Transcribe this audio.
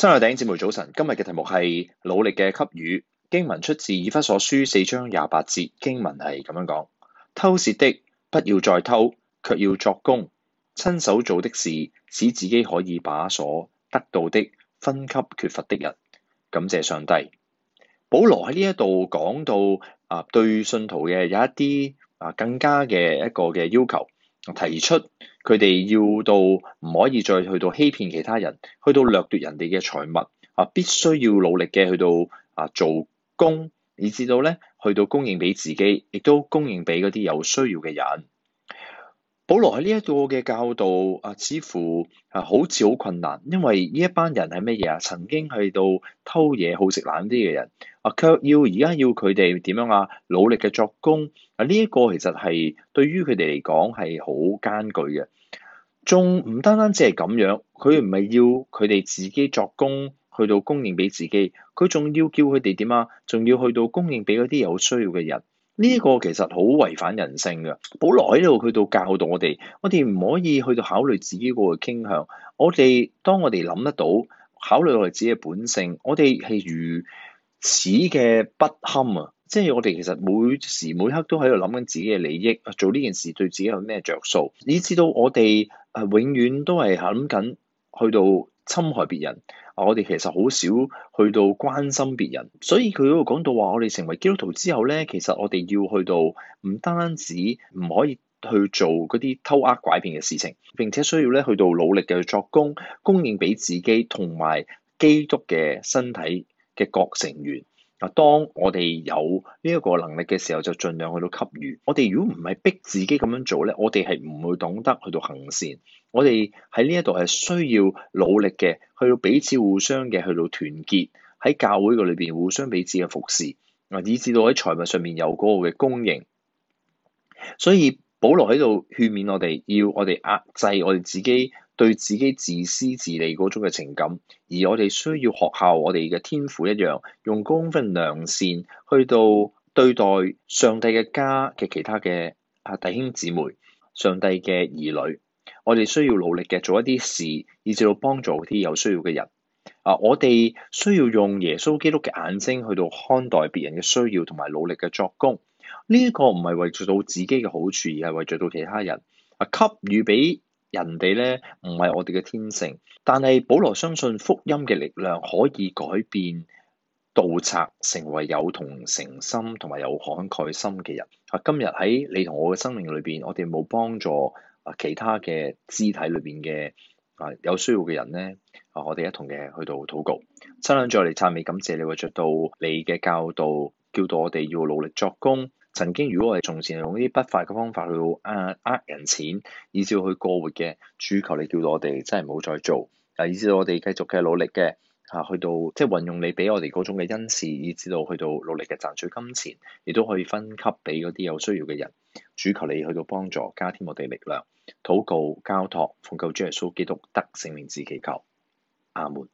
新亞頂節目早晨，今日嘅題目係努力嘅給予。經文出自以弗所書四章廿八節，經文係咁樣講：偷竊的不要再偷，卻要作工，親手做的事，使自己可以把所得到的分給缺乏的人。感謝上帝。保羅喺呢一度講到啊，對信徒嘅有一啲啊更加嘅一個嘅要求提出。佢哋要到唔可以再去到欺騙其他人，去到掠奪人哋嘅財物啊，必須要努力嘅去到啊做工，以至到咧去到供應俾自己，亦都供應俾嗰啲有需要嘅人。保羅喺呢一度嘅教導啊，似乎啊好似好困難，因為呢一班人係乜嘢啊？曾經去到偷嘢、好食懶啲嘅人啊，卻要而家要佢哋點樣啊？努力嘅作工啊，呢一個其實係對於佢哋嚟講係好艱巨嘅。仲唔單單只係咁樣，佢唔係要佢哋自己作工去到供應俾自己，佢仲要叫佢哋點啊？仲要去到供應俾嗰啲有需要嘅人。呢個其實好違反人性嘅。保羅喺度去到教導我哋，我哋唔可以去到考慮自己個傾向。我哋當我哋諗得到考慮我哋自己嘅本性，我哋係如此嘅不堪啊！即係我哋其實每時每刻都喺度諗緊自己嘅利益，做呢件事對自己有咩着數，以至到我哋誒永遠都係諗緊去到侵害別人。我哋其實好少去到關心別人，所以佢嗰度講到話，我哋成為基督徒之後咧，其實我哋要去到唔單止唔可以去做嗰啲偷呃拐騙嘅事情，並且需要咧去到努力嘅去作工，供應俾自己同埋基督嘅身體嘅各成員。嗱，當我哋有呢一個能力嘅時候，就儘量去到給予。我哋如果唔係逼自己咁樣做咧，我哋係唔會懂得去到行善。我哋喺呢一度係需要努力嘅，去到彼此互相嘅去到團結喺教會度裏邊互相彼此嘅服侍，啊，以至到喺財物上面有嗰個嘅供應。所以保羅喺度勸勉我哋，要我哋壓制我哋自己，對自己自私自利嗰種嘅情感，而我哋需要學效我哋嘅天父一樣，用公分良善去到對待上帝嘅家嘅其他嘅啊弟兄姊妹、上帝嘅兒女，我哋需要努力嘅做一啲事，以至到幫助啲有需要嘅人。啊，我哋需要用耶穌基督嘅眼睛去到看待別人嘅需要同埋努力嘅作工，呢一個唔係為咗到自己嘅好處，而係為咗到其他人啊給予俾人哋咧唔係我哋嘅天性，但係保羅相信福音嘅力量可以改變盜賊成為有同情心同埋有慷慨心嘅人。啊，今日喺你同我嘅生命裏邊，我哋冇幫助啊其他嘅肢體裏邊嘅啊有需要嘅人咧啊，我哋一同嘅去到禱告。親，再嚟讚美感謝你，為着到你嘅教導，叫到我哋要努力作工。曾經，如果我哋從前用呢啲不法嘅方法去呃呃人錢，以至去過活嘅主，求你叫到我哋真係唔好再做，啊，以至到我哋繼續嘅努力嘅嚇，去到即係運用你俾我哋嗰種嘅恩賜，以至到去到努力嘅賺取金錢，亦都可以分級俾嗰啲有需要嘅人。主求你去到幫助，加添我哋力量，禱告交託，奉求主耶穌基督得聖靈，自己求。阿門。